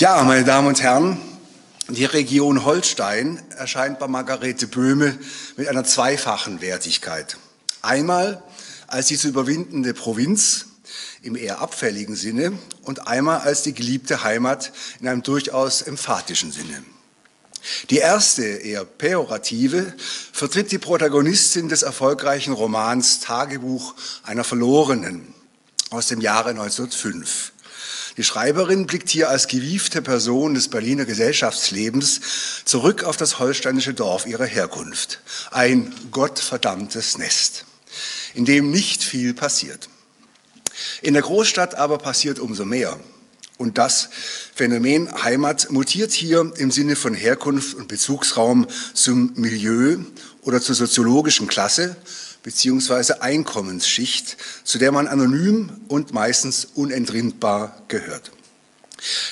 Ja, meine Damen und Herren, die Region Holstein erscheint bei Margarete Böhme mit einer zweifachen Wertigkeit. Einmal als die zu überwindende Provinz im eher abfälligen Sinne und einmal als die geliebte Heimat in einem durchaus emphatischen Sinne. Die erste, eher pejorative, vertritt die Protagonistin des erfolgreichen Romans Tagebuch einer Verlorenen aus dem Jahre 1905. Die Schreiberin blickt hier als gewiefte Person des Berliner Gesellschaftslebens zurück auf das holsteinische Dorf ihrer Herkunft. Ein gottverdammtes Nest, in dem nicht viel passiert. In der Großstadt aber passiert umso mehr. Und das Phänomen Heimat mutiert hier im Sinne von Herkunft und Bezugsraum zum Milieu oder zur soziologischen Klasse, beziehungsweise Einkommensschicht, zu der man anonym und meistens unentrinnbar gehört.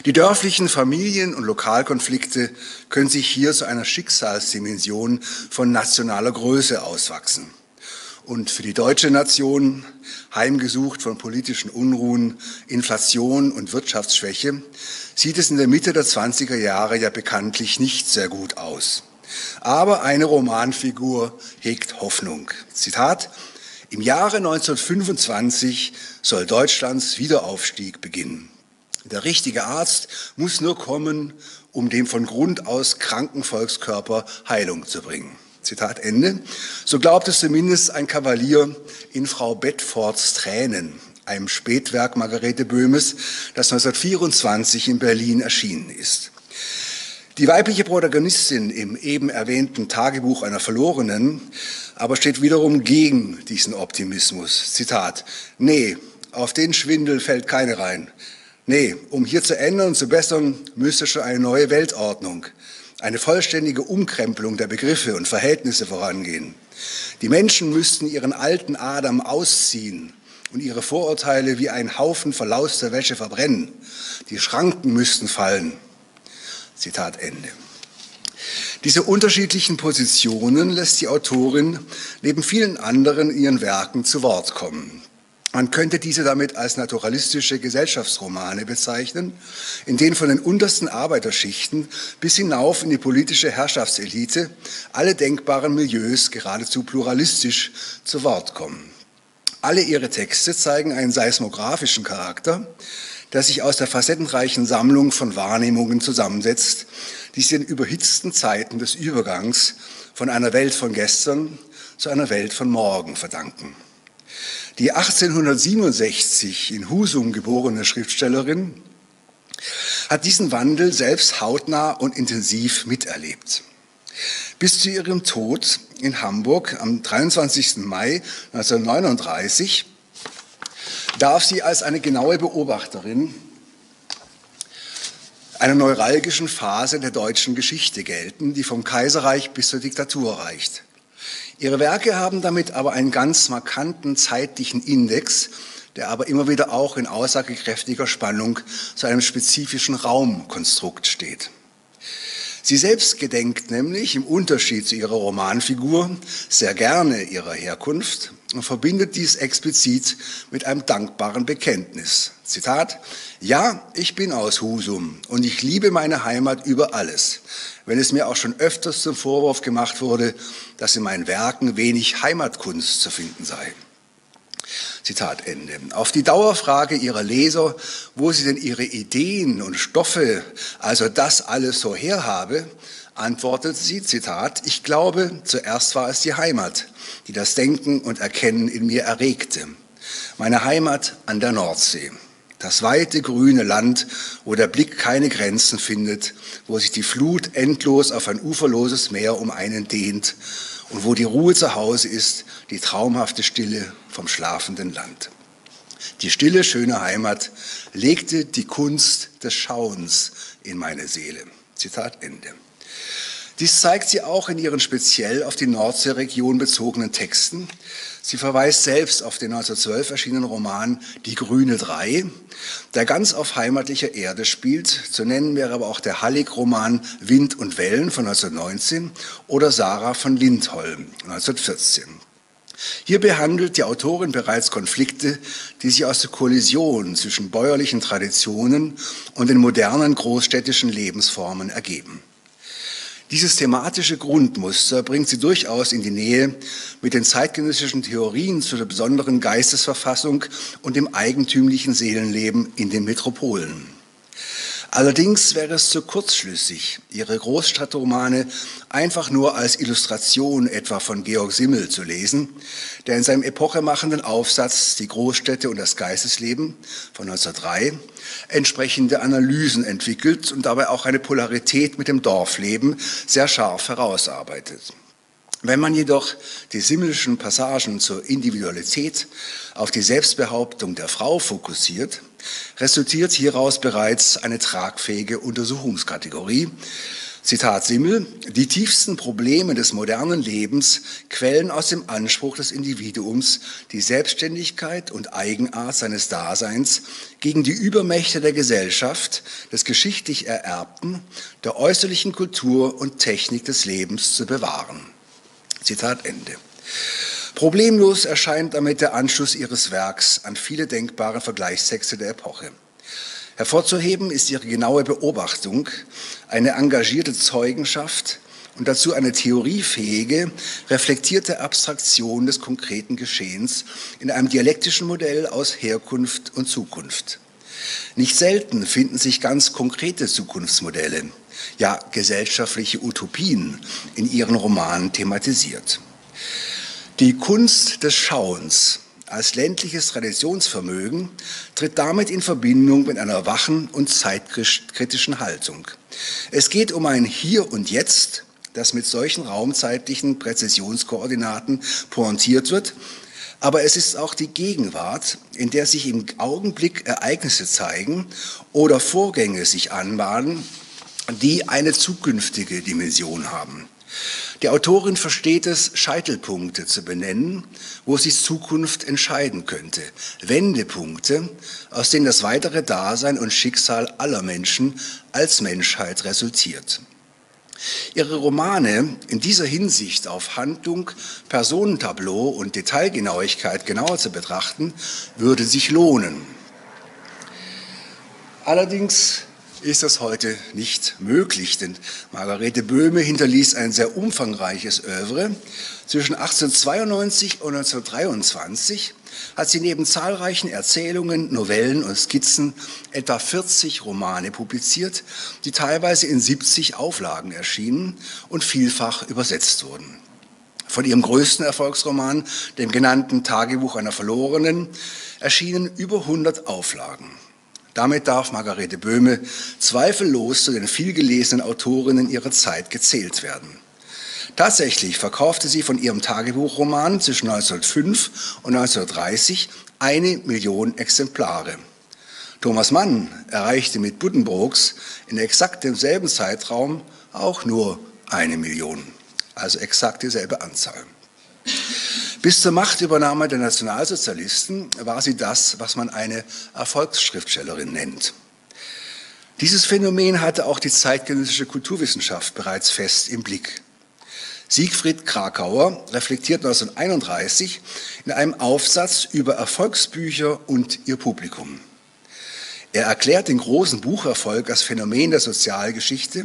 Die dörflichen Familien- und Lokalkonflikte können sich hier zu einer Schicksalsdimension von nationaler Größe auswachsen. Und für die deutsche Nation, heimgesucht von politischen Unruhen, Inflation und Wirtschaftsschwäche, sieht es in der Mitte der 20er Jahre ja bekanntlich nicht sehr gut aus. Aber eine Romanfigur hegt Hoffnung. Zitat, im Jahre 1925 soll Deutschlands Wiederaufstieg beginnen. Der richtige Arzt muss nur kommen, um dem von Grund aus kranken Volkskörper Heilung zu bringen. Zitat Ende. So glaubt es zumindest ein Kavalier in Frau Bedfords Tränen, einem Spätwerk Margarete Böhmes, das 1924 in Berlin erschienen ist. Die weibliche Protagonistin im eben erwähnten Tagebuch einer Verlorenen aber steht wiederum gegen diesen Optimismus. Zitat, nee, auf den Schwindel fällt keine rein. Nee, um hier zu ändern und zu bessern, müsste schon eine neue Weltordnung, eine vollständige Umkrempelung der Begriffe und Verhältnisse vorangehen. Die Menschen müssten ihren alten Adam ausziehen und ihre Vorurteile wie ein Haufen verlauster Wäsche verbrennen. Die Schranken müssten fallen. Zitat Ende. Diese unterschiedlichen Positionen lässt die Autorin neben vielen anderen ihren Werken zu Wort kommen. Man könnte diese damit als naturalistische Gesellschaftsromane bezeichnen, in denen von den untersten Arbeiterschichten bis hinauf in die politische Herrschaftselite alle denkbaren Milieus geradezu pluralistisch zu Wort kommen. Alle ihre Texte zeigen einen seismografischen Charakter, das sich aus der facettenreichen Sammlung von Wahrnehmungen zusammensetzt, die sich in überhitzten Zeiten des Übergangs von einer Welt von gestern zu einer Welt von morgen verdanken. Die 1867 in Husum geborene Schriftstellerin hat diesen Wandel selbst hautnah und intensiv miterlebt. Bis zu ihrem Tod in Hamburg am 23. Mai 1939 darf sie als eine genaue Beobachterin einer neuralgischen Phase der deutschen Geschichte gelten, die vom Kaiserreich bis zur Diktatur reicht. Ihre Werke haben damit aber einen ganz markanten zeitlichen Index, der aber immer wieder auch in aussagekräftiger Spannung zu einem spezifischen Raumkonstrukt steht. Sie selbst gedenkt nämlich im Unterschied zu ihrer Romanfigur sehr gerne ihrer Herkunft, und verbindet dies explizit mit einem dankbaren Bekenntnis. Zitat, ja, ich bin aus Husum und ich liebe meine Heimat über alles, wenn es mir auch schon öfters zum Vorwurf gemacht wurde, dass in meinen Werken wenig Heimatkunst zu finden sei. Zitat Ende. Auf die Dauerfrage ihrer Leser, wo sie denn ihre Ideen und Stoffe, also das alles so herhabe, antwortet sie, Zitat, ich glaube, zuerst war es die Heimat, die das Denken und Erkennen in mir erregte. Meine Heimat an der Nordsee. Das weite grüne Land, wo der Blick keine Grenzen findet, wo sich die Flut endlos auf ein uferloses Meer um einen dehnt und wo die Ruhe zu Hause ist, die traumhafte Stille vom schlafenden Land. Die stille, schöne Heimat legte die Kunst des Schauens in meine Seele. Zitat Ende. Dies zeigt sie auch in ihren speziell auf die Nordseeregion bezogenen Texten. Sie verweist selbst auf den 1912 erschienenen Roman Die Grüne Drei, der ganz auf heimatlicher Erde spielt. Zu nennen wäre aber auch der Hallig-Roman Wind und Wellen von 1919 oder Sarah von Lindholm 1914. Hier behandelt die Autorin bereits Konflikte, die sich aus der Kollision zwischen bäuerlichen Traditionen und den modernen großstädtischen Lebensformen ergeben. Dieses thematische Grundmuster bringt sie durchaus in die Nähe mit den zeitgenössischen Theorien zu der besonderen Geistesverfassung und dem eigentümlichen Seelenleben in den Metropolen. Allerdings wäre es zu kurzschlüssig, ihre Großstadtromane einfach nur als Illustration etwa von Georg Simmel zu lesen, der in seinem epochemachenden Aufsatz Die Großstädte und das Geistesleben von 1903 entsprechende Analysen entwickelt und dabei auch eine Polarität mit dem Dorfleben sehr scharf herausarbeitet. Wenn man jedoch die simmlischen Passagen zur Individualität auf die Selbstbehauptung der Frau fokussiert, resultiert hieraus bereits eine tragfähige Untersuchungskategorie. Zitat Simmel, die tiefsten Probleme des modernen Lebens quellen aus dem Anspruch des Individuums, die Selbstständigkeit und Eigenart seines Daseins gegen die Übermächte der Gesellschaft, des geschichtlich Ererbten, der äußerlichen Kultur und Technik des Lebens zu bewahren. Zitat Ende. Problemlos erscheint damit der Anschluss ihres Werks an viele denkbare Vergleichstexte der Epoche. Hervorzuheben ist ihre genaue Beobachtung, eine engagierte Zeugenschaft und dazu eine theoriefähige, reflektierte Abstraktion des konkreten Geschehens in einem dialektischen Modell aus Herkunft und Zukunft. Nicht selten finden sich ganz konkrete Zukunftsmodelle, ja gesellschaftliche Utopien in ihren Romanen thematisiert. Die Kunst des Schauens als ländliches Traditionsvermögen tritt damit in Verbindung mit einer wachen und zeitkritischen Haltung. Es geht um ein Hier und Jetzt, das mit solchen raumzeitlichen Präzisionskoordinaten pointiert wird aber es ist auch die Gegenwart, in der sich im Augenblick Ereignisse zeigen oder Vorgänge sich anbahnen, die eine zukünftige Dimension haben. Die Autorin versteht es, Scheitelpunkte zu benennen, wo sich Zukunft entscheiden könnte, Wendepunkte, aus denen das weitere Dasein und Schicksal aller Menschen als Menschheit resultiert. Ihre Romane in dieser Hinsicht auf Handlung, Personentableau und Detailgenauigkeit genauer zu betrachten, würde sich lohnen. Allerdings ist das heute nicht möglich, denn Margarete Böhme hinterließ ein sehr umfangreiches Övre. Zwischen 1892 und 1923 hat sie neben zahlreichen Erzählungen, Novellen und Skizzen etwa 40 Romane publiziert, die teilweise in 70 Auflagen erschienen und vielfach übersetzt wurden. Von ihrem größten Erfolgsroman, dem genannten Tagebuch einer Verlorenen, erschienen über 100 Auflagen. Damit darf Margarete Böhme zweifellos zu den vielgelesenen Autorinnen ihrer Zeit gezählt werden. Tatsächlich verkaufte sie von ihrem Tagebuchroman zwischen 1905 und 1930 eine Million Exemplare. Thomas Mann erreichte mit Buddenbrooks in exakt demselben Zeitraum auch nur eine Million, also exakt dieselbe Anzahl. Bis zur Machtübernahme der Nationalsozialisten war sie das, was man eine Erfolgsschriftstellerin nennt. Dieses Phänomen hatte auch die zeitgenössische Kulturwissenschaft bereits fest im Blick. Siegfried Krakauer reflektiert 1931 in einem Aufsatz über Erfolgsbücher und ihr Publikum. Er erklärt den großen Bucherfolg als Phänomen der Sozialgeschichte,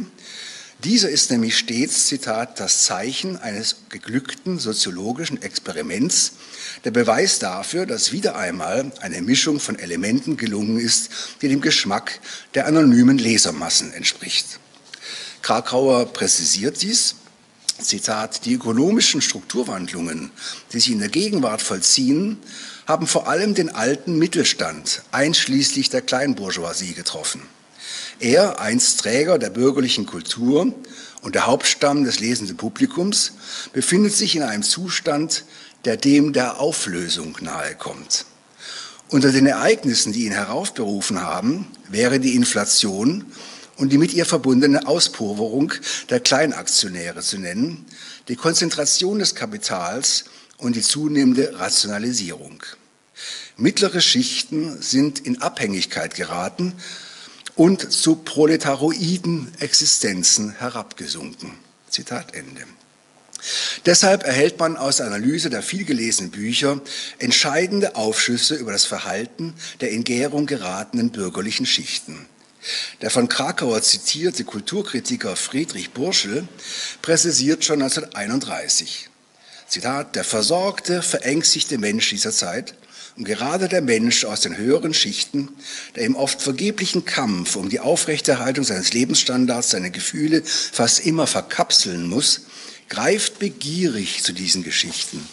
dieser ist nämlich stets, Zitat, das Zeichen eines geglückten soziologischen Experiments, der Beweis dafür, dass wieder einmal eine Mischung von Elementen gelungen ist, die dem Geschmack der anonymen Lesermassen entspricht. Krakauer präzisiert dies Zitat, die ökonomischen Strukturwandlungen, die sich in der Gegenwart vollziehen, haben vor allem den alten Mittelstand, einschließlich der Kleinbourgeoisie, getroffen. Er, einst Träger der bürgerlichen Kultur und der Hauptstamm des lesenden Publikums, befindet sich in einem Zustand, der dem der Auflösung nahe kommt. Unter den Ereignissen, die ihn heraufberufen haben, wäre die Inflation und die mit ihr verbundene Auspulverung der Kleinaktionäre zu nennen, die Konzentration des Kapitals und die zunehmende Rationalisierung. Mittlere Schichten sind in Abhängigkeit geraten und zu proletaroiden Existenzen herabgesunken. Zitat Ende. Deshalb erhält man aus der Analyse der vielgelesenen Bücher entscheidende Aufschlüsse über das Verhalten der in Gärung geratenen bürgerlichen Schichten. Der von Krakauer zitierte Kulturkritiker Friedrich Burschel präzisiert schon 1931, Zitat, der versorgte, verängstigte Mensch dieser Zeit und gerade der Mensch aus den höheren Schichten, der im oft vergeblichen Kampf um die Aufrechterhaltung seines Lebensstandards seine Gefühle fast immer verkapseln muss, greift begierig zu diesen Geschichten,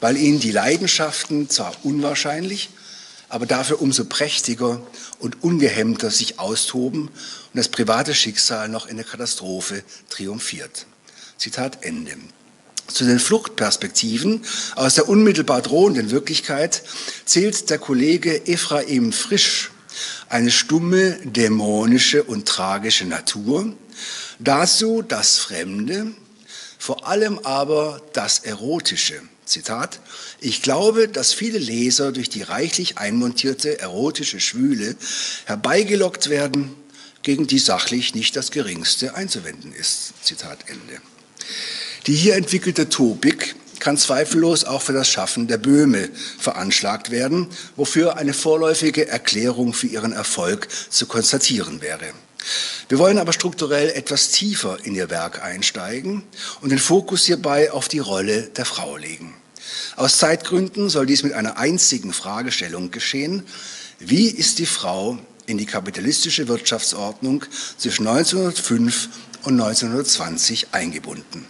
weil ihn die Leidenschaften zwar unwahrscheinlich, aber dafür umso prächtiger und ungehemmter sich austoben und das private Schicksal noch in der Katastrophe triumphiert. Zitat Ende. Zu den Fluchtperspektiven aus der unmittelbar drohenden Wirklichkeit zählt der Kollege Ephraim Frisch eine stumme, dämonische und tragische Natur, dazu das Fremde, vor allem aber das Erotische. Zitat, ich glaube, dass viele Leser durch die reichlich einmontierte erotische Schwüle herbeigelockt werden, gegen die sachlich nicht das geringste einzuwenden ist. Zitat Ende. Die hier entwickelte Topik kann zweifellos auch für das Schaffen der Böhme veranschlagt werden, wofür eine vorläufige Erklärung für ihren Erfolg zu konstatieren wäre. Wir wollen aber strukturell etwas tiefer in ihr Werk einsteigen und den Fokus hierbei auf die Rolle der Frau legen. Aus Zeitgründen soll dies mit einer einzigen Fragestellung geschehen. Wie ist die Frau in die kapitalistische Wirtschaftsordnung zwischen 1905 und 1920 eingebunden?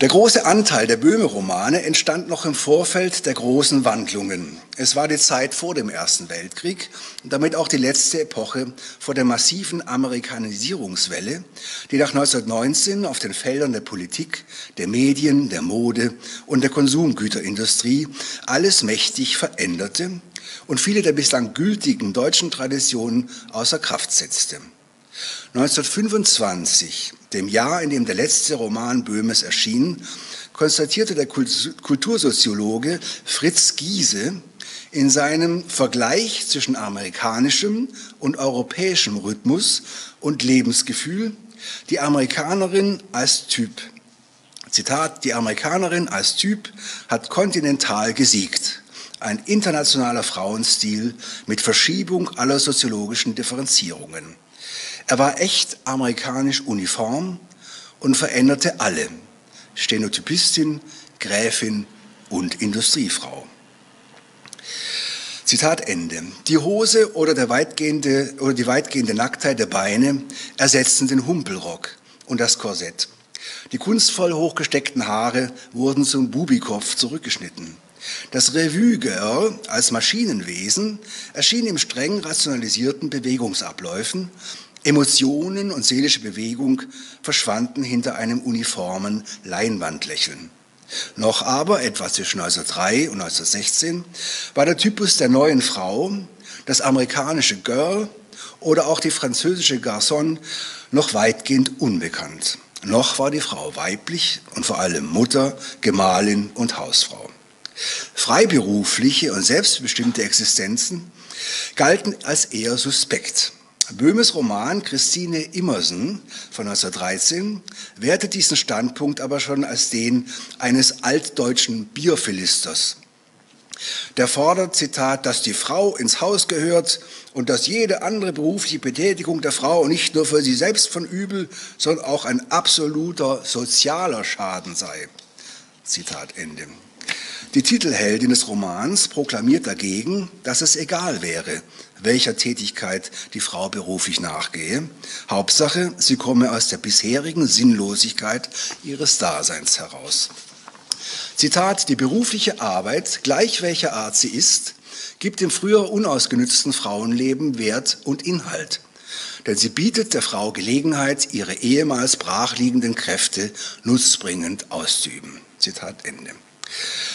Der große Anteil der Böhme-Romane entstand noch im Vorfeld der großen Wandlungen. Es war die Zeit vor dem Ersten Weltkrieg und damit auch die letzte Epoche vor der massiven Amerikanisierungswelle, die nach 1919 auf den Feldern der Politik, der Medien, der Mode und der Konsumgüterindustrie alles mächtig veränderte und viele der bislang gültigen deutschen Traditionen außer Kraft setzte. 1925, dem Jahr, in dem der letzte Roman Böhmes erschien, konstatierte der Kultursoziologe Fritz Giese in seinem Vergleich zwischen amerikanischem und europäischem Rhythmus und Lebensgefühl die Amerikanerin als Typ. Zitat, die Amerikanerin als Typ hat kontinental gesiegt. Ein internationaler Frauenstil mit Verschiebung aller soziologischen Differenzierungen. Er war echt amerikanisch uniform und veränderte alle. Stenotypistin, Gräfin und Industriefrau. Zitat Ende. Die Hose oder, der weitgehende, oder die weitgehende Nacktheit der Beine ersetzten den Humpelrock und das Korsett. Die kunstvoll hochgesteckten Haare wurden zum Bubikopf zurückgeschnitten. Das Revue-Girl als Maschinenwesen erschien im streng rationalisierten Bewegungsabläufen Emotionen und seelische Bewegung verschwanden hinter einem uniformen Leinwandlächeln. Noch aber, etwa zwischen 1903 und 1916, war der Typus der neuen Frau, das amerikanische Girl oder auch die französische Garçon noch weitgehend unbekannt. Noch war die Frau weiblich und vor allem Mutter, Gemahlin und Hausfrau. Freiberufliche und selbstbestimmte Existenzen galten als eher suspekt. Böhmes Roman Christine Immersen von 1913 wertet diesen Standpunkt aber schon als den eines altdeutschen Bierphilisters. Der fordert, Zitat, dass die Frau ins Haus gehört und dass jede andere berufliche Betätigung der Frau nicht nur für sie selbst von Übel, sondern auch ein absoluter sozialer Schaden sei. Zitat Ende. Die Titelheldin des Romans proklamiert dagegen, dass es egal wäre, welcher Tätigkeit die Frau beruflich nachgehe. Hauptsache, sie komme aus der bisherigen Sinnlosigkeit ihres Daseins heraus. Zitat, die berufliche Arbeit, gleich welcher Art sie ist, gibt dem früher unausgenützten Frauenleben Wert und Inhalt. Denn sie bietet der Frau Gelegenheit, ihre ehemals brachliegenden Kräfte nutzbringend auszuüben. Zitat Ende.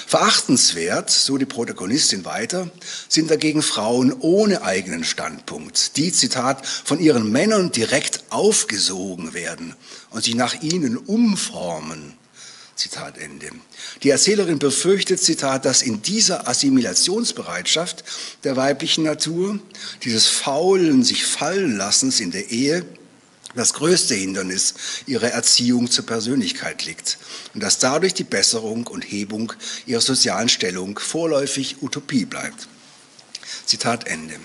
Verachtenswert, so die Protagonistin weiter, sind dagegen Frauen ohne eigenen Standpunkt, die, Zitat, von ihren Männern direkt aufgesogen werden und sich nach ihnen umformen. Zitat Ende. Die Erzählerin befürchtet, Zitat, dass in dieser Assimilationsbereitschaft der weiblichen Natur, dieses faulen sich fallen lassens in der Ehe, das größte Hindernis ihrer Erziehung zur Persönlichkeit liegt und dass dadurch die Besserung und Hebung ihrer sozialen Stellung vorläufig Utopie bleibt. Zitat Ende.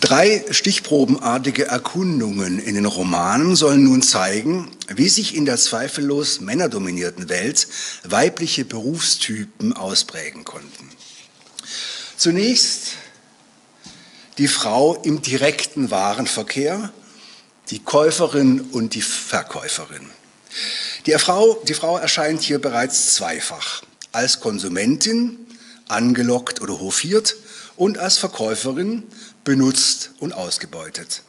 Drei stichprobenartige Erkundungen in den Romanen sollen nun zeigen, wie sich in der zweifellos männerdominierten Welt weibliche Berufstypen ausprägen konnten. Zunächst die Frau im direkten Warenverkehr die Käuferin und die Verkäuferin. Die Frau, die Frau erscheint hier bereits zweifach, als Konsumentin, angelockt oder hofiert, und als Verkäuferin, benutzt und ausgebeutet.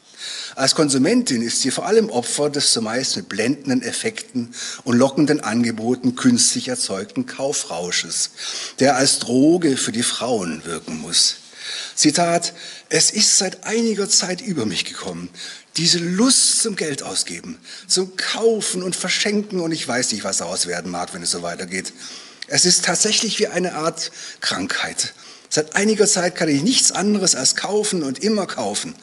Als Konsumentin ist sie vor allem Opfer des zumeist mit blendenden Effekten und lockenden Angeboten künstlich erzeugten Kaufrausches, der als Droge für die Frauen wirken muss. Zitat, es ist seit einiger Zeit über mich gekommen, diese Lust zum Geld ausgeben, zum Kaufen und Verschenken und ich weiß nicht, was daraus werden mag, wenn es so weitergeht. Es ist tatsächlich wie eine Art Krankheit. Seit einiger Zeit kann ich nichts anderes als kaufen und immer kaufen.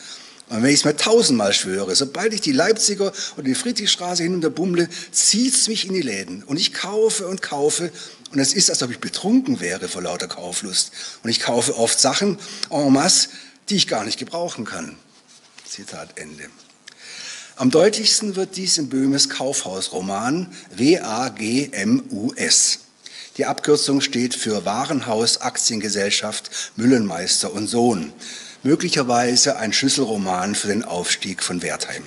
Und wenn ich es mir tausendmal schwöre, sobald ich die Leipziger und die Friedrichstraße hinunterbumle, zieht es mich in die Läden. Und ich kaufe und kaufe. Und es ist, als ob ich betrunken wäre vor lauter Kauflust. Und ich kaufe oft Sachen en masse, die ich gar nicht gebrauchen kann. Zitat Ende. Am deutlichsten wird dies in Böhmes Kaufhausroman WAGMUS. Die Abkürzung steht für Warenhaus Aktiengesellschaft Müllenmeister und Sohn. Möglicherweise ein Schlüsselroman für den Aufstieg von Wertheim.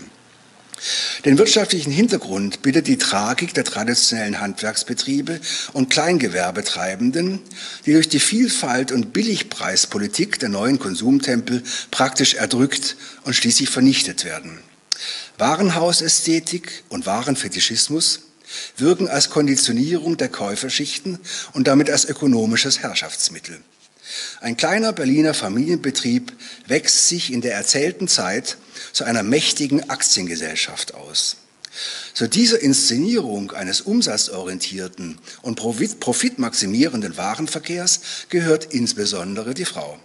Den wirtschaftlichen Hintergrund bildet die Tragik der traditionellen Handwerksbetriebe und Kleingewerbetreibenden, die durch die Vielfalt und Billigpreispolitik der neuen Konsumtempel praktisch erdrückt und schließlich vernichtet werden. Warenhausästhetik und Warenfetischismus wirken als Konditionierung der Käuferschichten und damit als ökonomisches Herrschaftsmittel. Ein kleiner Berliner Familienbetrieb wächst sich in der erzählten Zeit zu einer mächtigen Aktiengesellschaft aus. Zu dieser Inszenierung eines umsatzorientierten und profitmaximierenden Warenverkehrs gehört insbesondere die Frau.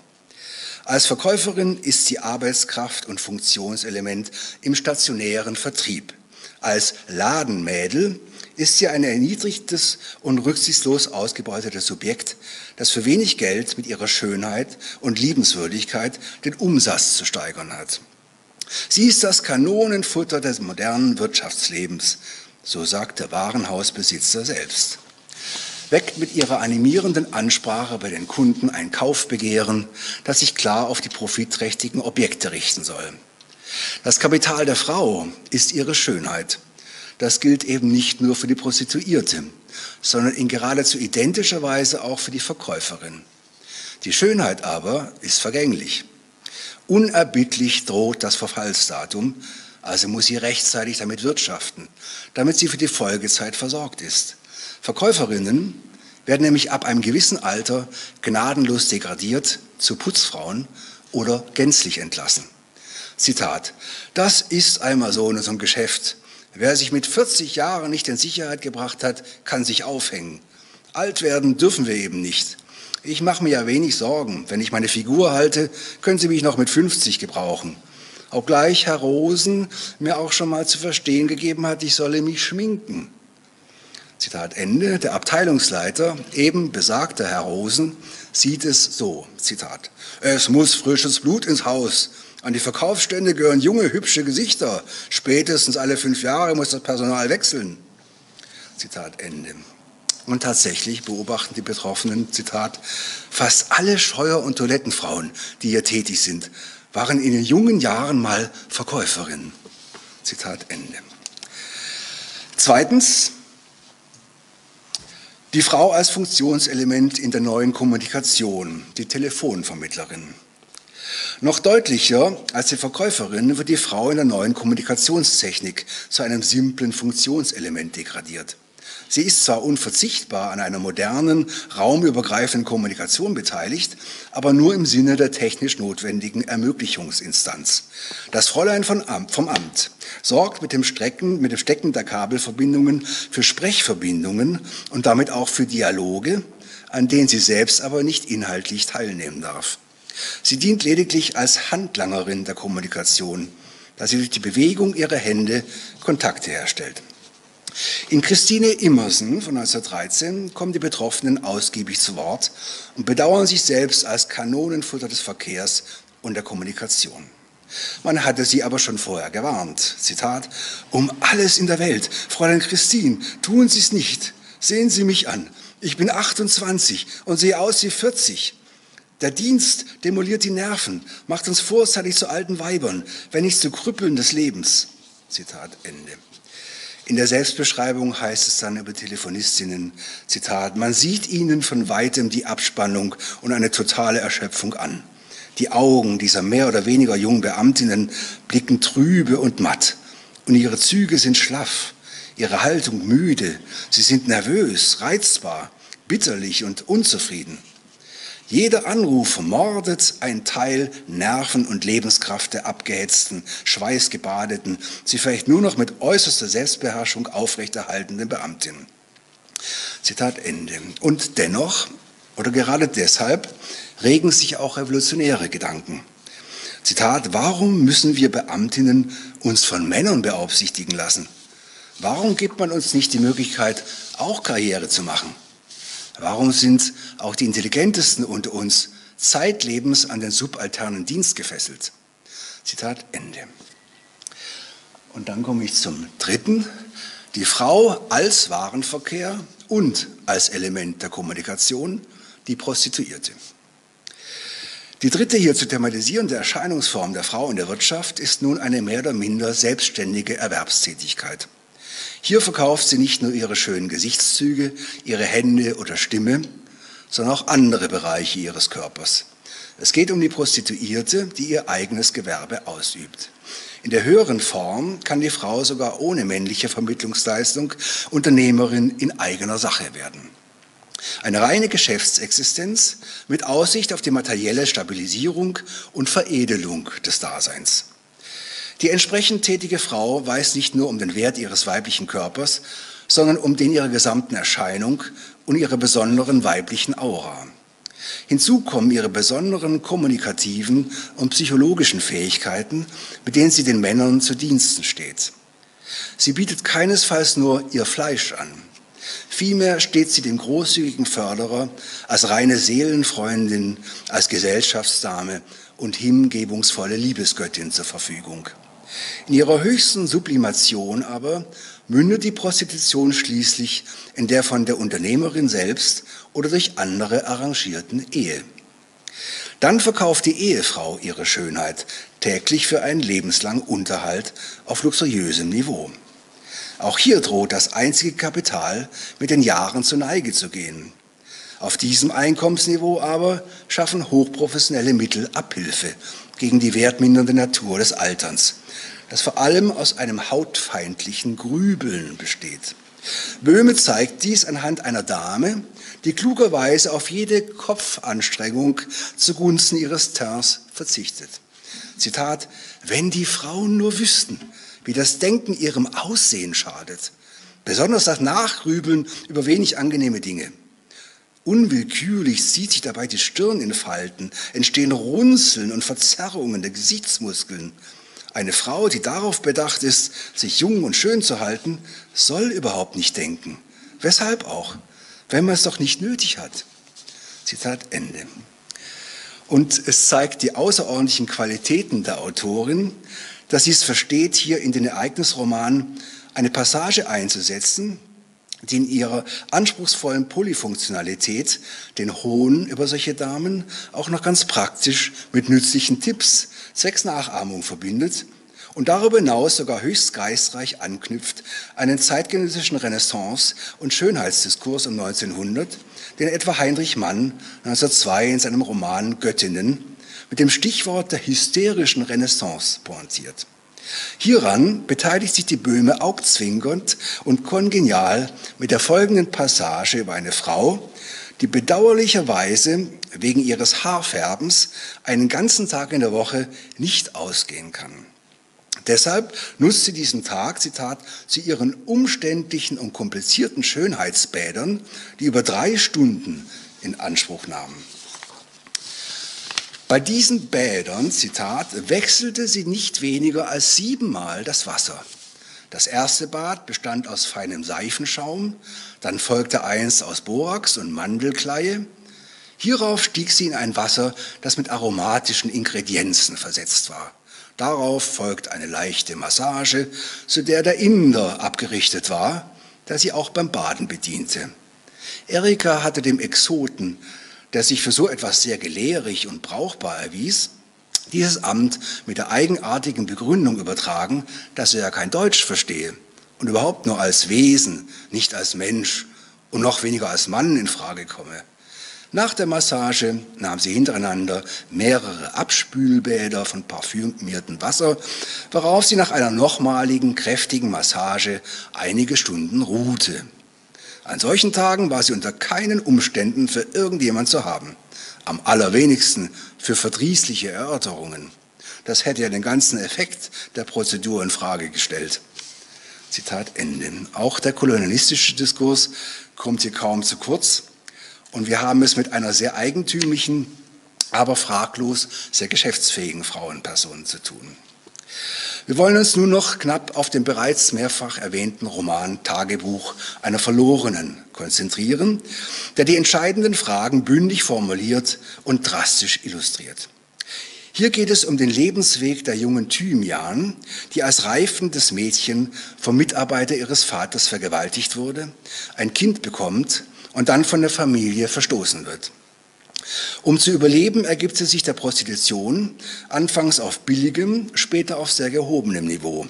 Als Verkäuferin ist sie Arbeitskraft und Funktionselement im stationären Vertrieb. Als Ladenmädel ist sie ein erniedrigtes und rücksichtslos ausgebeutetes Subjekt, das für wenig Geld mit ihrer Schönheit und Liebenswürdigkeit den Umsatz zu steigern hat. Sie ist das Kanonenfutter des modernen Wirtschaftslebens, so sagt der Warenhausbesitzer selbst weckt mit ihrer animierenden Ansprache bei den Kunden ein Kaufbegehren, das sich klar auf die profitträchtigen Objekte richten soll. Das Kapital der Frau ist ihre Schönheit. Das gilt eben nicht nur für die Prostituierte, sondern in geradezu identischer Weise auch für die Verkäuferin. Die Schönheit aber ist vergänglich. Unerbittlich droht das Verfallsdatum, also muss sie rechtzeitig damit wirtschaften, damit sie für die Folgezeit versorgt ist. Verkäuferinnen werden nämlich ab einem gewissen Alter gnadenlos degradiert zu Putzfrauen oder gänzlich entlassen. Zitat, das ist einmal so in unserem Geschäft. Wer sich mit 40 Jahren nicht in Sicherheit gebracht hat, kann sich aufhängen. Alt werden dürfen wir eben nicht. Ich mache mir ja wenig Sorgen. Wenn ich meine Figur halte, können Sie mich noch mit 50 gebrauchen. Obgleich Herr Rosen mir auch schon mal zu verstehen gegeben hat, ich solle mich schminken. Zitat Ende, der Abteilungsleiter, eben besagter Herr Rosen, sieht es so, Zitat, es muss frisches Blut ins Haus. An die Verkaufsstände gehören junge, hübsche Gesichter. Spätestens alle fünf Jahre muss das Personal wechseln. Zitat Ende. Und tatsächlich beobachten die Betroffenen, Zitat, fast alle Scheuer- und Toilettenfrauen, die hier tätig sind, waren in den jungen Jahren mal Verkäuferinnen. Zitat Ende. Zweitens, die Frau als Funktionselement in der neuen Kommunikation, die Telefonvermittlerin. Noch deutlicher als die Verkäuferin wird die Frau in der neuen Kommunikationstechnik zu einem simplen Funktionselement degradiert. Sie ist zwar unverzichtbar an einer modernen, raumübergreifenden Kommunikation beteiligt, aber nur im Sinne der technisch notwendigen Ermöglichungsinstanz. Das Fräulein vom Amt sorgt mit dem, Strecken, mit dem Stecken der Kabelverbindungen für Sprechverbindungen und damit auch für Dialoge, an denen sie selbst aber nicht inhaltlich teilnehmen darf. Sie dient lediglich als Handlangerin der Kommunikation, da sie durch die Bewegung ihrer Hände Kontakte herstellt. In Christine Immersen von 1913 kommen die Betroffenen ausgiebig zu Wort und bedauern sich selbst als Kanonenfutter des Verkehrs und der Kommunikation. Man hatte sie aber schon vorher gewarnt. Zitat, um alles in der Welt, Fräulein Christine, tun Sie es nicht. Sehen Sie mich an. Ich bin 28 und sehe aus wie 40. Der Dienst demoliert die Nerven, macht uns vorzeitig zu alten Weibern, wenn nicht zu Krüppeln des Lebens. Zitat Ende. In der Selbstbeschreibung heißt es dann über Telefonistinnen, Zitat, man sieht ihnen von weitem die Abspannung und eine totale Erschöpfung an. Die Augen dieser mehr oder weniger jungen Beamtinnen blicken trübe und matt und ihre Züge sind schlaff, ihre Haltung müde, sie sind nervös, reizbar, bitterlich und unzufrieden. Jeder Anruf mordet ein Teil Nerven und Lebenskraft der abgehetzten, schweißgebadeten, sie vielleicht nur noch mit äußerster Selbstbeherrschung aufrechterhaltenden Beamtin. Zitat Ende. Und dennoch, oder gerade deshalb, regen sich auch revolutionäre Gedanken. Zitat, warum müssen wir Beamtinnen uns von Männern beaufsichtigen lassen? Warum gibt man uns nicht die Möglichkeit, auch Karriere zu machen? Warum sind auch die Intelligentesten unter uns zeitlebens an den subalternen Dienst gefesselt? Zitat Ende. Und dann komme ich zum dritten. Die Frau als Warenverkehr und als Element der Kommunikation, die Prostituierte. Die dritte hier zu thematisierende Erscheinungsform der Frau in der Wirtschaft ist nun eine mehr oder minder selbstständige Erwerbstätigkeit. Hier verkauft sie nicht nur ihre schönen Gesichtszüge, ihre Hände oder Stimme, sondern auch andere Bereiche ihres Körpers. Es geht um die Prostituierte, die ihr eigenes Gewerbe ausübt. In der höheren Form kann die Frau sogar ohne männliche Vermittlungsleistung Unternehmerin in eigener Sache werden. Eine reine Geschäftsexistenz mit Aussicht auf die materielle Stabilisierung und Veredelung des Daseins. Die entsprechend tätige Frau weiß nicht nur um den Wert ihres weiblichen Körpers, sondern um den ihrer gesamten Erscheinung und ihrer besonderen weiblichen Aura. Hinzu kommen ihre besonderen kommunikativen und psychologischen Fähigkeiten, mit denen sie den Männern zu Diensten steht. Sie bietet keinesfalls nur ihr Fleisch an. Vielmehr steht sie dem großzügigen Förderer als reine Seelenfreundin, als Gesellschaftsdame und hingebungsvolle Liebesgöttin zur Verfügung. In ihrer höchsten Sublimation aber mündet die Prostitution schließlich in der von der Unternehmerin selbst oder durch andere arrangierten Ehe. Dann verkauft die Ehefrau ihre Schönheit täglich für einen lebenslangen Unterhalt auf luxuriösem Niveau. Auch hier droht das einzige Kapital mit den Jahren zur Neige zu gehen. Auf diesem Einkommensniveau aber schaffen hochprofessionelle Mittel Abhilfe gegen die wertmindernde Natur des Alterns, das vor allem aus einem hautfeindlichen Grübeln besteht. Böhme zeigt dies anhand einer Dame, die klugerweise auf jede Kopfanstrengung zugunsten ihres Teints verzichtet. Zitat, wenn die Frauen nur wüssten, wie das Denken ihrem Aussehen schadet, besonders das Nachgrübeln über wenig angenehme Dinge, Unwillkürlich sieht sich dabei die Stirn in Falten, entstehen Runzeln und Verzerrungen der Gesichtsmuskeln. Eine Frau, die darauf bedacht ist, sich jung und schön zu halten, soll überhaupt nicht denken. Weshalb auch, wenn man es doch nicht nötig hat. Zitat Ende. Und es zeigt die außerordentlichen Qualitäten der Autorin, dass sie es versteht, hier in den Ereignisroman eine Passage einzusetzen, die in ihrer anspruchsvollen Polyfunktionalität den Hohn über solche Damen auch noch ganz praktisch mit nützlichen Tipps Sexnachahmung verbindet und darüber hinaus sogar höchst geistreich anknüpft einen zeitgenössischen Renaissance- und Schönheitsdiskurs um 1900, den etwa Heinrich Mann 1902 in seinem Roman Göttinnen mit dem Stichwort der hysterischen Renaissance pointiert. Hieran beteiligt sich die Böhme auch zwingend und kongenial mit der folgenden Passage über eine Frau, die bedauerlicherweise wegen ihres Haarfärbens einen ganzen Tag in der Woche nicht ausgehen kann. Deshalb nutzt sie diesen Tag, Zitat, zu ihren umständlichen und komplizierten Schönheitsbädern, die über drei Stunden in Anspruch nahmen. Bei diesen Bädern, Zitat, wechselte sie nicht weniger als siebenmal das Wasser. Das erste Bad bestand aus feinem Seifenschaum, dann folgte eins aus Borax und Mandelkleie. Hierauf stieg sie in ein Wasser, das mit aromatischen Ingredienzen versetzt war. Darauf folgt eine leichte Massage, zu der der Inder abgerichtet war, der sie auch beim Baden bediente. Erika hatte dem Exoten das sich für so etwas sehr gelehrig und brauchbar erwies, dieses Amt mit der eigenartigen Begründung übertragen, dass er ja kein Deutsch verstehe und überhaupt nur als Wesen, nicht als Mensch und noch weniger als Mann in Frage komme. Nach der Massage nahm sie hintereinander mehrere Abspülbäder von parfümiertem Wasser, worauf sie nach einer nochmaligen kräftigen Massage einige Stunden ruhte. An solchen Tagen war sie unter keinen Umständen für irgendjemand zu haben. Am allerwenigsten für verdrießliche Erörterungen. Das hätte ja den ganzen Effekt der Prozedur in Frage gestellt. Zitat Ende. Auch der kolonialistische Diskurs kommt hier kaum zu kurz. Und wir haben es mit einer sehr eigentümlichen, aber fraglos sehr geschäftsfähigen Frauenperson zu tun. Wir wollen uns nun noch knapp auf den bereits mehrfach erwähnten Roman Tagebuch einer Verlorenen konzentrieren, der die entscheidenden Fragen bündig formuliert und drastisch illustriert. Hier geht es um den Lebensweg der jungen Thymian, die als reifendes Mädchen vom Mitarbeiter ihres Vaters vergewaltigt wurde, ein Kind bekommt und dann von der Familie verstoßen wird. Um zu überleben, ergibt sie sich der Prostitution, anfangs auf billigem, später auf sehr gehobenem Niveau.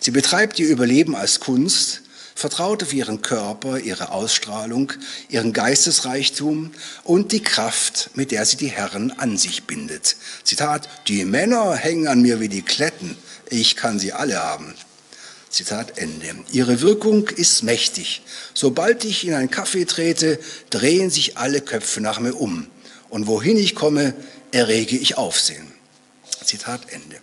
Sie betreibt ihr Überleben als Kunst, vertraut auf ihren Körper, ihre Ausstrahlung, ihren Geistesreichtum und die Kraft, mit der sie die Herren an sich bindet. Zitat, die Männer hängen an mir wie die Kletten, ich kann sie alle haben. Zitat Ende. Ihre Wirkung ist mächtig. Sobald ich in einen Kaffee trete, drehen sich alle Köpfe nach mir um. Und wohin ich komme, errege ich Aufsehen. Zitat Ende.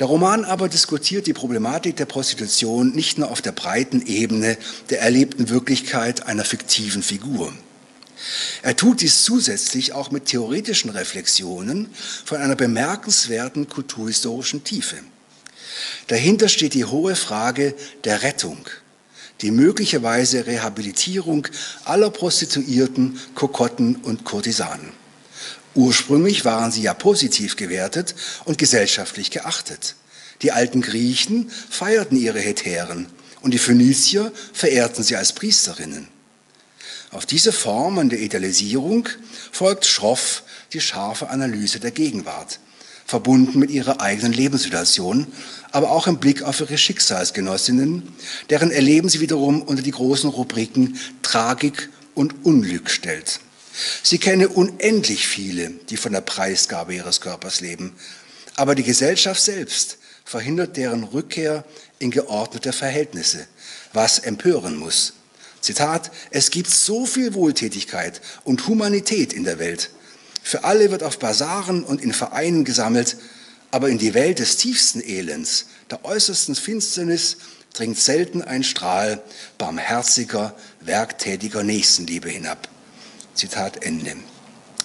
Der Roman aber diskutiert die Problematik der Prostitution nicht nur auf der breiten Ebene der erlebten Wirklichkeit einer fiktiven Figur. Er tut dies zusätzlich auch mit theoretischen Reflexionen von einer bemerkenswerten kulturhistorischen Tiefe. Dahinter steht die hohe Frage der Rettung, die möglicherweise Rehabilitierung aller Prostituierten, Kokotten und Kurtisanen. Ursprünglich waren sie ja positiv gewertet und gesellschaftlich geachtet. Die alten Griechen feierten ihre Hetären und die Phönizier verehrten sie als Priesterinnen. Auf diese Form an der Idealisierung folgt schroff die scharfe Analyse der Gegenwart verbunden mit ihrer eigenen Lebenssituation, aber auch im Blick auf ihre Schicksalsgenossinnen, deren Erleben sie wiederum unter die großen Rubriken Tragik und Unglück stellt. Sie kenne unendlich viele, die von der Preisgabe ihres Körpers leben, aber die Gesellschaft selbst verhindert deren Rückkehr in geordnete Verhältnisse, was empören muss. Zitat, es gibt so viel Wohltätigkeit und Humanität in der Welt, für alle wird auf Basaren und in Vereinen gesammelt, aber in die Welt des tiefsten Elends, der äußersten Finsternis, dringt selten ein Strahl barmherziger, werktätiger Nächstenliebe hinab. Zitat Ende.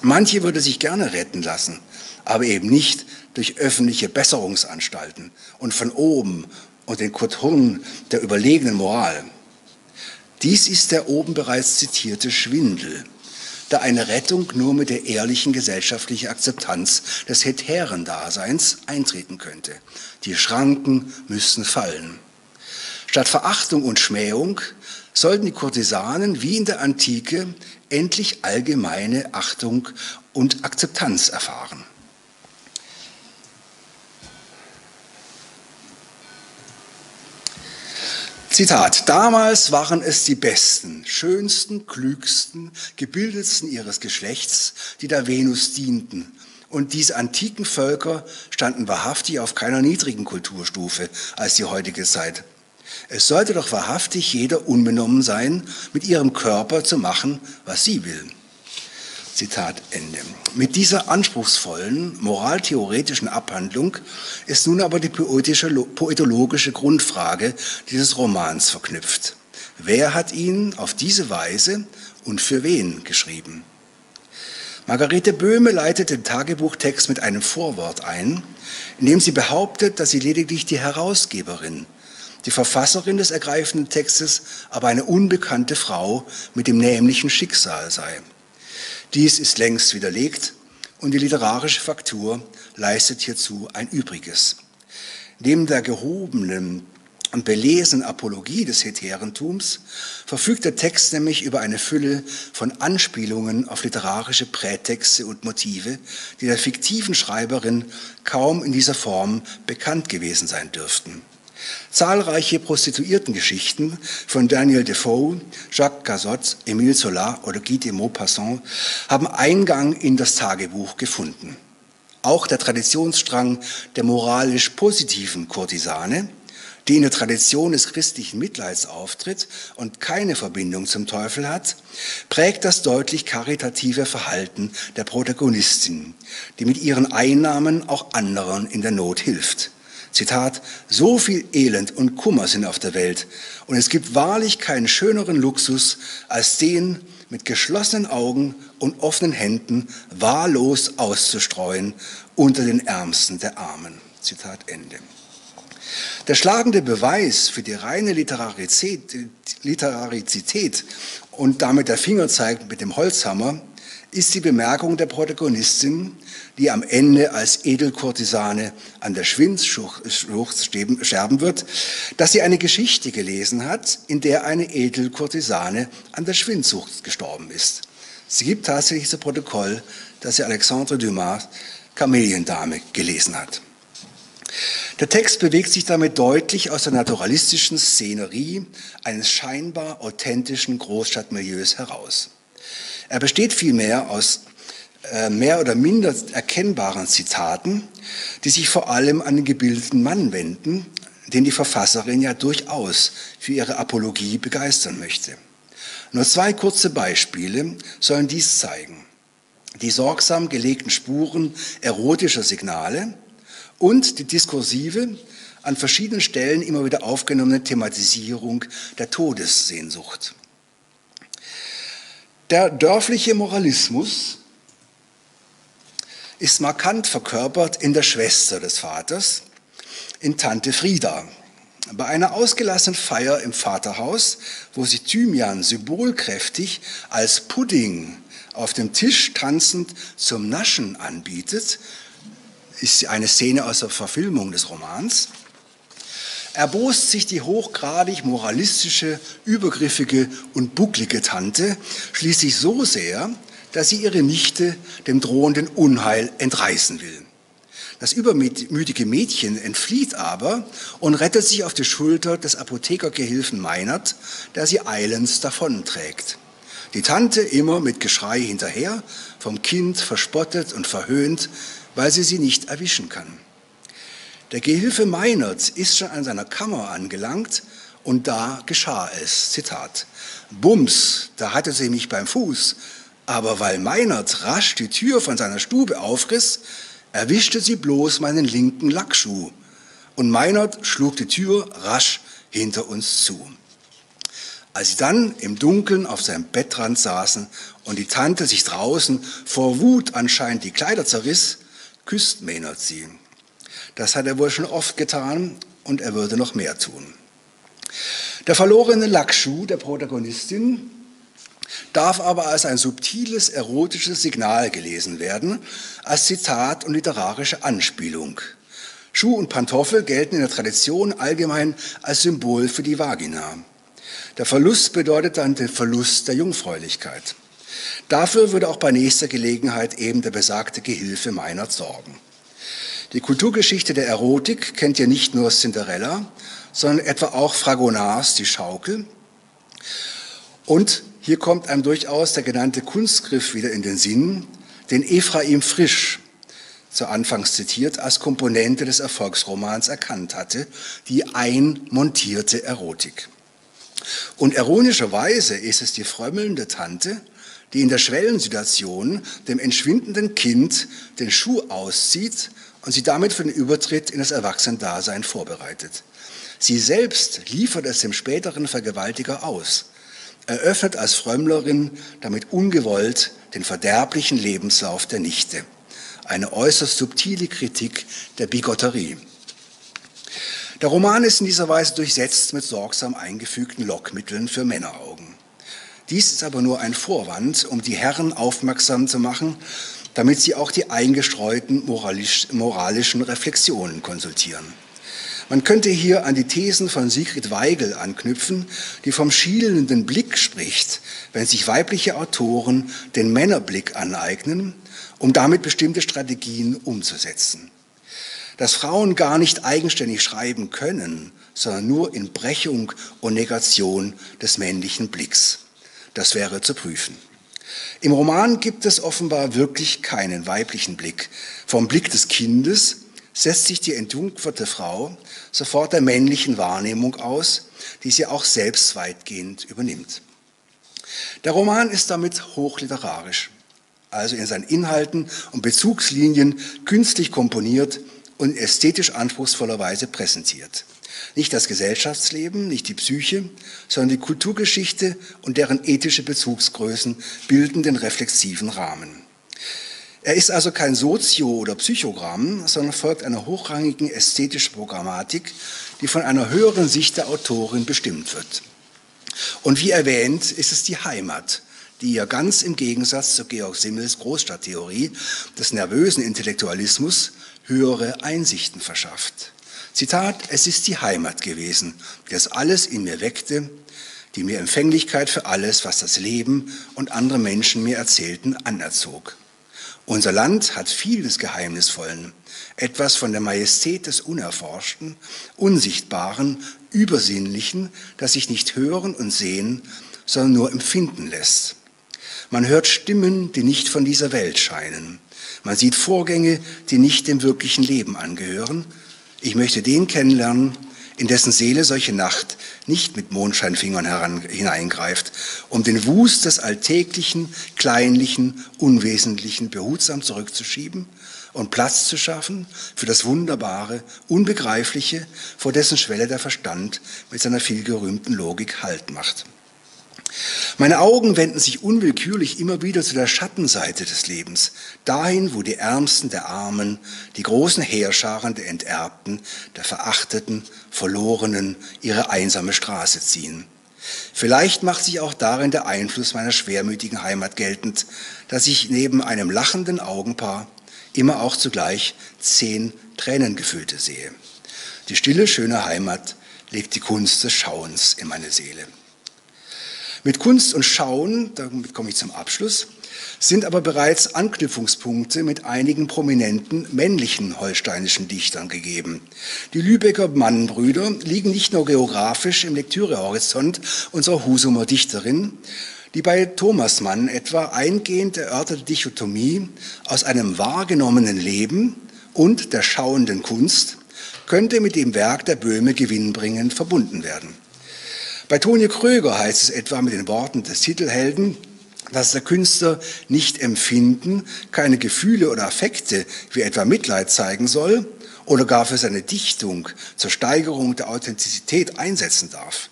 Manche würde sich gerne retten lassen, aber eben nicht durch öffentliche Besserungsanstalten und von oben und den Kothurnen der überlegenen Moral. Dies ist der oben bereits zitierte Schwindel da eine Rettung nur mit der ehrlichen gesellschaftlichen Akzeptanz des hetären Daseins eintreten könnte. Die Schranken müssen fallen. Statt Verachtung und Schmähung sollten die Kurtisanen wie in der Antike endlich allgemeine Achtung und Akzeptanz erfahren. Zitat, damals waren es die besten, schönsten, klügsten, gebildetsten ihres Geschlechts, die der Venus dienten. Und diese antiken Völker standen wahrhaftig auf keiner niedrigen Kulturstufe als die heutige Zeit. Es sollte doch wahrhaftig jeder unbenommen sein, mit ihrem Körper zu machen, was sie will. Zitat Ende. Mit dieser anspruchsvollen, moraltheoretischen Abhandlung ist nun aber die poetische, poetologische Grundfrage dieses Romans verknüpft. Wer hat ihn auf diese Weise und für wen geschrieben? Margarete Böhme leitet den Tagebuchtext mit einem Vorwort ein, in dem sie behauptet, dass sie lediglich die Herausgeberin, die Verfasserin des ergreifenden Textes, aber eine unbekannte Frau mit dem nämlichen Schicksal sei. Dies ist längst widerlegt und die literarische Faktur leistet hierzu ein Übriges. Neben der gehobenen und belesenen Apologie des Heterentums verfügt der Text nämlich über eine Fülle von Anspielungen auf literarische Prätexte und Motive, die der fiktiven Schreiberin kaum in dieser Form bekannt gewesen sein dürften. Zahlreiche Prostituiertengeschichten von Daniel Defoe, Jacques Cazotz, Emile Zola oder Guy de Maupassant haben Eingang in das Tagebuch gefunden. Auch der Traditionsstrang der moralisch positiven Kurtisane, die in der Tradition des christlichen Mitleids auftritt und keine Verbindung zum Teufel hat, prägt das deutlich karitative Verhalten der Protagonistin, die mit ihren Einnahmen auch anderen in der Not hilft. Zitat, so viel Elend und Kummer sind auf der Welt und es gibt wahrlich keinen schöneren Luxus als den, mit geschlossenen Augen und offenen Händen wahllos auszustreuen unter den Ärmsten der Armen. Zitat Ende. Der schlagende Beweis für die reine Literarizität und damit der Fingerzeig mit dem Holzhammer ist die Bemerkung der Protagonistin, die am Ende als Edelkurtisane an der Schwindschlucht sterben wird, dass sie eine Geschichte gelesen hat, in der eine Edelkurtisane an der Schwindsucht gestorben ist. Sie gibt tatsächlich zu Protokoll, dass sie Alexandre Dumas Kameliendame gelesen hat. Der Text bewegt sich damit deutlich aus der naturalistischen Szenerie eines scheinbar authentischen Großstadtmilieus heraus. Er besteht vielmehr aus äh, mehr oder minder erkennbaren Zitaten, die sich vor allem an den gebildeten Mann wenden, den die Verfasserin ja durchaus für ihre Apologie begeistern möchte. Nur zwei kurze Beispiele sollen dies zeigen. Die sorgsam gelegten Spuren erotischer Signale und die diskursive, an verschiedenen Stellen immer wieder aufgenommene Thematisierung der Todessehnsucht. Der dörfliche Moralismus ist markant verkörpert in der Schwester des Vaters, in Tante Frieda. Bei einer ausgelassenen Feier im Vaterhaus, wo sie Thymian symbolkräftig als Pudding auf dem Tisch tanzend zum Naschen anbietet, ist eine Szene aus der Verfilmung des Romans, erbost sich die hochgradig moralistische, übergriffige und bucklige Tante schließlich so sehr, dass sie ihre Nichte dem drohenden Unheil entreißen will. Das übermütige Mädchen entflieht aber und rettet sich auf die Schulter des Apothekergehilfen Meinert, der sie eilends davonträgt. Die Tante immer mit Geschrei hinterher, vom Kind verspottet und verhöhnt, weil sie sie nicht erwischen kann. Der Gehilfe Meinert ist schon an seiner Kammer angelangt und da geschah es. Zitat. Bums, da hatte sie mich beim Fuß. Aber weil Meinert rasch die Tür von seiner Stube aufriss, erwischte sie bloß meinen linken Lackschuh. Und Meinert schlug die Tür rasch hinter uns zu. Als sie dann im Dunkeln auf seinem Bettrand saßen und die Tante sich draußen vor Wut anscheinend die Kleider zerriss, küsst Meinert sie. Das hat er wohl schon oft getan und er würde noch mehr tun. Der verlorene Lackschuh der Protagonistin darf aber als ein subtiles erotisches Signal gelesen werden, als Zitat und literarische Anspielung. Schuh und Pantoffel gelten in der Tradition allgemein als Symbol für die Vagina. Der Verlust bedeutet dann den Verlust der Jungfräulichkeit. Dafür würde auch bei nächster Gelegenheit eben der besagte Gehilfe meiner sorgen. Die Kulturgeschichte der Erotik kennt ja nicht nur Cinderella, sondern etwa auch Fragonars, die Schaukel. Und hier kommt einem durchaus der genannte Kunstgriff wieder in den Sinn, den Ephraim Frisch, zu Anfangs zitiert, als Komponente des Erfolgsromans erkannt hatte, die einmontierte Erotik. Und ironischerweise ist es die frömmelnde Tante, die in der Schwellensituation dem entschwindenden Kind den Schuh auszieht und sie damit für den Übertritt in das Erwachsenendasein vorbereitet. Sie selbst liefert es dem späteren Vergewaltiger aus, eröffnet als Frömmlerin damit ungewollt den verderblichen Lebenslauf der Nichte. Eine äußerst subtile Kritik der Bigotterie. Der Roman ist in dieser Weise durchsetzt mit sorgsam eingefügten Lockmitteln für Männeraugen. Dies ist aber nur ein Vorwand, um die Herren aufmerksam zu machen damit sie auch die eingestreuten moralisch, moralischen Reflexionen konsultieren. Man könnte hier an die Thesen von Sigrid Weigel anknüpfen, die vom schielenden Blick spricht, wenn sich weibliche Autoren den Männerblick aneignen, um damit bestimmte Strategien umzusetzen. Dass Frauen gar nicht eigenständig schreiben können, sondern nur in Brechung und Negation des männlichen Blicks. Das wäre zu prüfen. Im Roman gibt es offenbar wirklich keinen weiblichen Blick. Vom Blick des Kindes setzt sich die entjungferte Frau sofort der männlichen Wahrnehmung aus, die sie auch selbst weitgehend übernimmt. Der Roman ist damit hochliterarisch, also in seinen Inhalten und Bezugslinien künstlich komponiert und ästhetisch anspruchsvollerweise präsentiert. Nicht das Gesellschaftsleben, nicht die Psyche, sondern die Kulturgeschichte und deren ethische Bezugsgrößen bilden den reflexiven Rahmen. Er ist also kein Sozio- oder Psychogramm, sondern folgt einer hochrangigen ästhetischen Programmatik, die von einer höheren Sicht der Autorin bestimmt wird. Und wie erwähnt, ist es die Heimat, die ihr ganz im Gegensatz zu Georg Simmels Großstadttheorie des nervösen Intellektualismus höhere Einsichten verschafft. Zitat, es ist die Heimat gewesen, die das alles in mir weckte, die mir Empfänglichkeit für alles, was das Leben und andere Menschen mir erzählten, anerzog. Unser Land hat viel des Geheimnisvollen, etwas von der Majestät des Unerforschten, Unsichtbaren, Übersinnlichen, das sich nicht hören und sehen, sondern nur empfinden lässt. Man hört Stimmen, die nicht von dieser Welt scheinen. Man sieht Vorgänge, die nicht dem wirklichen Leben angehören, ich möchte den kennenlernen, in dessen Seele solche Nacht nicht mit Mondscheinfingern heran, hineingreift, um den Wust des Alltäglichen, Kleinlichen, Unwesentlichen behutsam zurückzuschieben und Platz zu schaffen für das Wunderbare, Unbegreifliche, vor dessen Schwelle der Verstand mit seiner vielgerühmten Logik Halt macht. Meine Augen wenden sich unwillkürlich immer wieder zu der Schattenseite des Lebens, dahin, wo die Ärmsten der Armen, die großen Heerscharen der Enterbten, der Verachteten, Verlorenen ihre einsame Straße ziehen. Vielleicht macht sich auch darin der Einfluss meiner schwermütigen Heimat geltend, dass ich neben einem lachenden Augenpaar immer auch zugleich zehn Tränengefüllte sehe. Die stille, schöne Heimat legt die Kunst des Schauens in meine Seele. Mit Kunst und Schauen, damit komme ich zum Abschluss, sind aber bereits Anknüpfungspunkte mit einigen prominenten männlichen holsteinischen Dichtern gegeben. Die Lübecker Mannbrüder liegen nicht nur geografisch im Lektürehorizont unserer Husumer Dichterin, die bei Thomas Mann etwa eingehend erörterte Dichotomie aus einem wahrgenommenen Leben und der schauenden Kunst könnte mit dem Werk der Böhme gewinnbringend verbunden werden. Bei Toni Kröger heißt es etwa mit den Worten des Titelhelden, dass der Künstler nicht empfinden, keine Gefühle oder Affekte wie etwa Mitleid zeigen soll oder gar für seine Dichtung zur Steigerung der Authentizität einsetzen darf.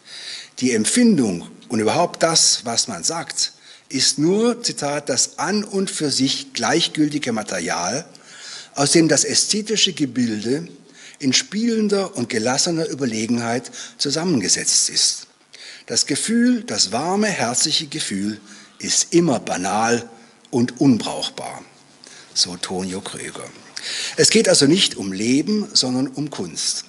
Die Empfindung und überhaupt das, was man sagt, ist nur, Zitat, das an und für sich gleichgültige Material, aus dem das ästhetische Gebilde in spielender und gelassener Überlegenheit zusammengesetzt ist. Das Gefühl, das warme, herzliche Gefühl ist immer banal und unbrauchbar, so Tonio Kröger. Es geht also nicht um Leben, sondern um Kunst.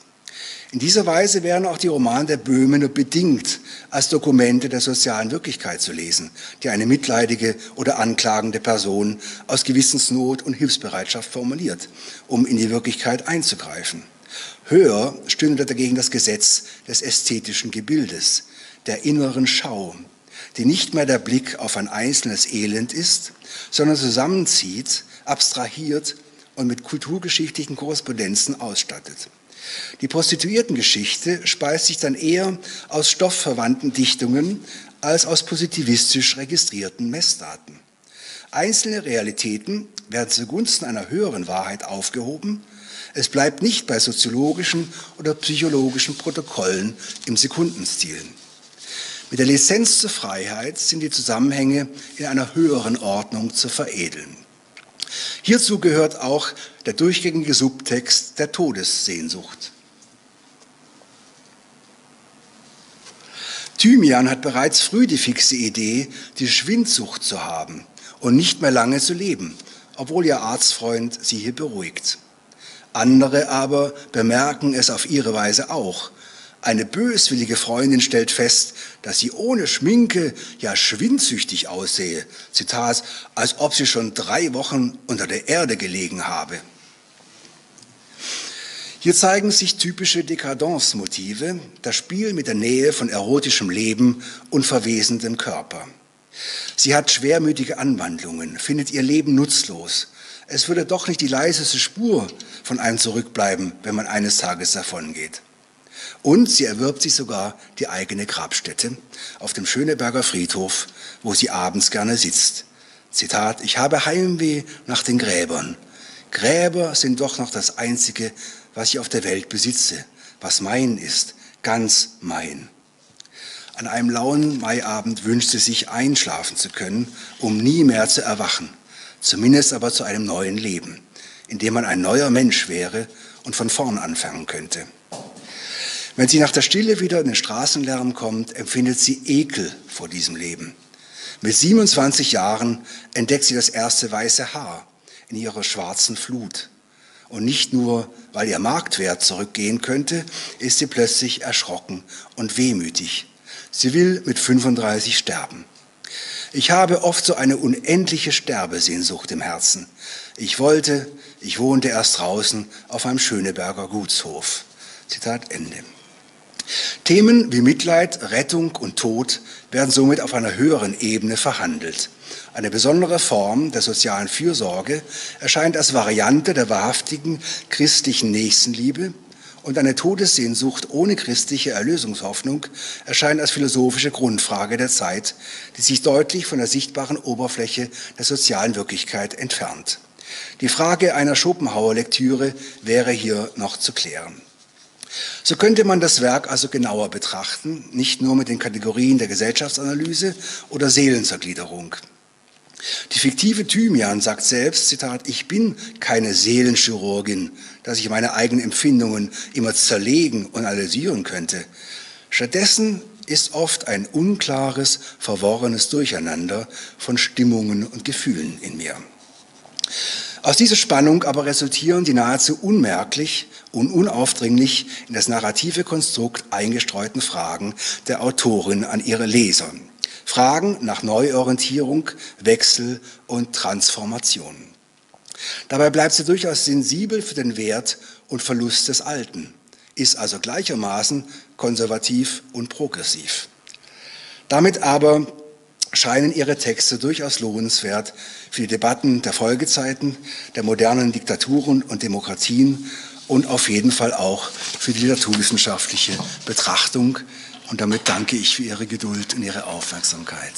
In dieser Weise wären auch die Romane der Böhme nur bedingt als Dokumente der sozialen Wirklichkeit zu lesen, die eine mitleidige oder anklagende Person aus Gewissensnot und Hilfsbereitschaft formuliert, um in die Wirklichkeit einzugreifen. Höher stünde dagegen das Gesetz des ästhetischen Gebildes, der inneren Schau, die nicht mehr der Blick auf ein einzelnes Elend ist, sondern zusammenzieht, abstrahiert und mit kulturgeschichtlichen Korrespondenzen ausstattet. Die Prostituiertengeschichte speist sich dann eher aus stoffverwandten Dichtungen als aus positivistisch registrierten Messdaten. Einzelne Realitäten werden zugunsten einer höheren Wahrheit aufgehoben. Es bleibt nicht bei soziologischen oder psychologischen Protokollen im Sekundenstil. Mit der Lizenz zur Freiheit sind die Zusammenhänge in einer höheren Ordnung zu veredeln. Hierzu gehört auch der durchgängige Subtext der Todessehnsucht. Thymian hat bereits früh die fixe Idee, die Schwindsucht zu haben und nicht mehr lange zu leben, obwohl ihr Arztfreund sie hier beruhigt. Andere aber bemerken es auf ihre Weise auch eine böswillige Freundin stellt fest, dass sie ohne Schminke ja schwindsüchtig aussehe. Zitat, als ob sie schon drei Wochen unter der Erde gelegen habe. Hier zeigen sich typische Dekadenzmotive, das Spiel mit der Nähe von erotischem Leben und verwesendem Körper. Sie hat schwermütige Anwandlungen, findet ihr Leben nutzlos. Es würde doch nicht die leiseste Spur von einem zurückbleiben, wenn man eines Tages davongeht. Und sie erwirbt sich sogar die eigene Grabstätte auf dem Schöneberger Friedhof, wo sie abends gerne sitzt. Zitat, ich habe Heimweh nach den Gräbern. Gräber sind doch noch das Einzige, was ich auf der Welt besitze, was mein ist, ganz mein. An einem lauen Maiabend wünscht sie sich, einschlafen zu können, um nie mehr zu erwachen, zumindest aber zu einem neuen Leben, in dem man ein neuer Mensch wäre und von vorn anfangen könnte. Wenn sie nach der Stille wieder in den Straßenlärm kommt, empfindet sie Ekel vor diesem Leben. Mit 27 Jahren entdeckt sie das erste weiße Haar in ihrer schwarzen Flut. Und nicht nur, weil ihr Marktwert zurückgehen könnte, ist sie plötzlich erschrocken und wehmütig. Sie will mit 35 sterben. Ich habe oft so eine unendliche Sterbesehnsucht im Herzen. Ich wollte, ich wohnte erst draußen auf einem Schöneberger Gutshof. Zitat Ende. Themen wie Mitleid, Rettung und Tod werden somit auf einer höheren Ebene verhandelt. Eine besondere Form der sozialen Fürsorge erscheint als Variante der wahrhaftigen christlichen Nächstenliebe und eine Todessehnsucht ohne christliche Erlösungshoffnung erscheint als philosophische Grundfrage der Zeit, die sich deutlich von der sichtbaren Oberfläche der sozialen Wirklichkeit entfernt. Die Frage einer Schopenhauer-Lektüre wäre hier noch zu klären. So könnte man das Werk also genauer betrachten, nicht nur mit den Kategorien der Gesellschaftsanalyse oder Seelenzergliederung. Die fiktive Thymian sagt selbst, Zitat, ich bin keine Seelenchirurgin, dass ich meine eigenen Empfindungen immer zerlegen und analysieren könnte. Stattdessen ist oft ein unklares, verworrenes Durcheinander von Stimmungen und Gefühlen in mir. Aus dieser Spannung aber resultieren die nahezu unmerklich und unaufdringlich in das narrative Konstrukt eingestreuten Fragen der Autorin an ihre Leser. Fragen nach Neuorientierung, Wechsel und Transformation. Dabei bleibt sie durchaus sensibel für den Wert und Verlust des Alten, ist also gleichermaßen konservativ und progressiv. Damit aber scheinen ihre Texte durchaus lohnenswert für die Debatten der Folgezeiten, der modernen Diktaturen und Demokratien und auf jeden Fall auch für die literaturwissenschaftliche Betrachtung. Und damit danke ich für Ihre Geduld und Ihre Aufmerksamkeit.